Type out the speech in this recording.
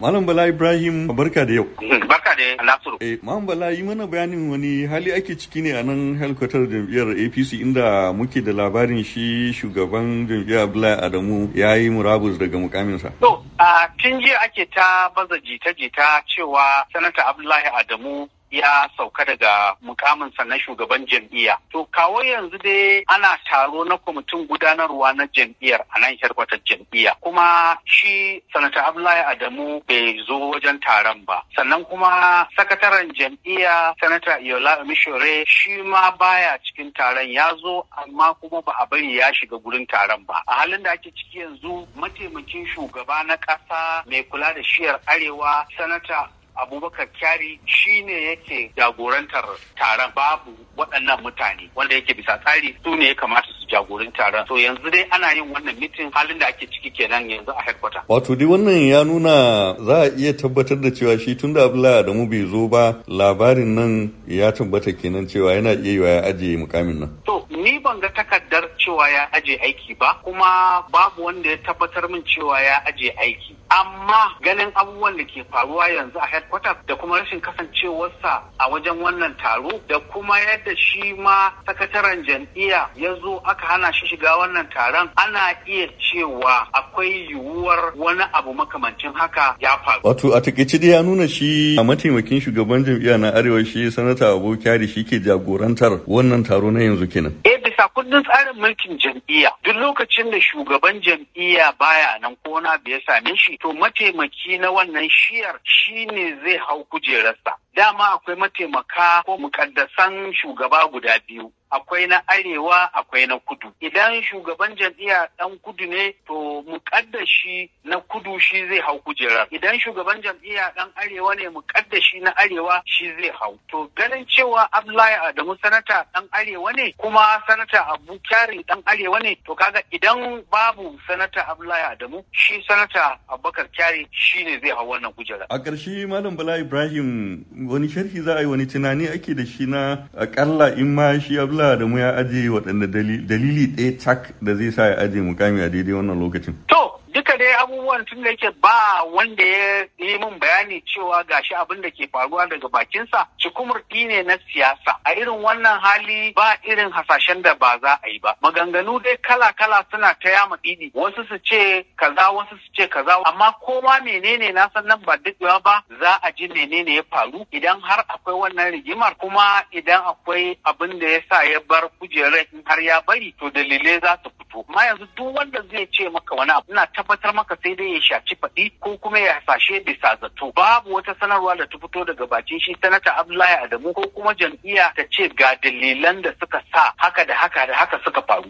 Malam Bala Ibrahim barka da yau. Hmm, barka da Nasiru. Eh Malam Bala yi mana bayanin wani hali ake ciki ne a nan halkwatar jam'iyyar APC inda muke da labarin shi shugaban jam'iyyar Abdullahi Adamu ya yi murabus daga mukaminsa. To, a tun jiya ake ta baza jita-jita cewa Sanata Abdullahi Adamu ya sauka daga mukaminsa na shugaban jam'iyya. To kawo yanzu dai ana taro na kwamitin gudanarwa na jam'iyyar a nan herkwatar jam'iyya. Kuma shi sanata Abdullahi Adamu bai zo wajen taron ba. Sannan kuma sakataren jam'iyya sanata Yola Mishore shi ma baya cikin taron ya zo amma kuma ba a bari ya shiga gurin taron ba. A halin da ake ciki yanzu mataimakin shugaba na ƙasa mai kula da shiyar arewa sanata abubakar kyari shine yake jagorantar taron babu waɗannan mutane wanda yake bisa tsari su ne ya kamata su jagorin taron to yanzu dai ana yin wannan mitin halin da ake ciki kenan yanzu a headquarter wato dai wannan ya nuna za a iya tabbatar da cewa shi tun da abdullahi adamu bai zo ba labarin nan ya tabbata kenan cewa yana iya yiwa ya ajiye mukamin nan ni ban ga takardar cewa ya aje aiki ba kuma babu wanda ya tabbatar min cewa ya aje aiki amma ganin abubuwan da ke faruwa yanzu a headquarters da kuma rashin kasancewarsa a wajen wannan taro da kuma yadda shi ma sakataren jam'iyya ya zo aka hana shi shiga wannan taron ana iya cewa akwai yiwuwar wani abu makamancin haka ya faru. Wato a takaice dai ya nuna shi a mataimakin shugaban jam'iyya na arewa shi sanata abokiyari shi ke jagorantar wannan taro na yanzu kenan. yasa kundin tsarin mulkin jam'iyya duk lokacin da shugaban jam'iyya baya nan ko na ya same shi to mataimaki na wannan shiyar shine zai hau kujerarsa dama akwai mataimaka ko mukaddasan shugaba guda biyu akwai na arewa akwai na kudu idan shugaban jam'iyya ɗan kudu ne to mukaddashi na kudu shi zai hau kujerar idan shugaban jam'iyya dan arewa ne mukaddashi na arewa shi zai hau to ganin cewa Abdullahi Adamu sanata dan arewa ne kuma sanata Abu Kyari dan arewa ne to kaga idan babu sanata Abdullahi Adamu shi sanata Abubakar Kyari shi ne zai hau wannan kujerar a ƙarshe malam Bala Ibrahim wani sharhi za a yi wani tunani ake da shi na akalla in ma shi Abdullahi Allah da mu ya ajiye waɗanda dalili ɗaya cak da zai sa ya ajiye mukami a daidai wannan lokacin. To abubuwan tun da yake ba wanda ya yi min bayani cewa gashi abin da ke faruwa daga bakinsa cikumur ne na siyasa a irin wannan hali ba irin hasashen da ba za a yi ba maganganu dai kala kala suna ta yama ɗini wasu su ce kaza wasu su ce kaza amma kowa menene na san nan ba daɗewa ba za a ji menene ya faru idan har akwai wannan rigimar kuma idan akwai abin da ya sa ya bar kujerar in har ya bari to dalilai za su fito amma yanzu duk wanda zai ce maka wani abu ina tabbatar maka sai dai ya shaci faɗi ko kuma ya hasashe bisa zato babu wata sanarwa da ta fito daga bakin shi sanata Abdullahi Adamu ko kuma jam'iyya ta ce ga dalilan da suka sa haka da haka da haka suka faru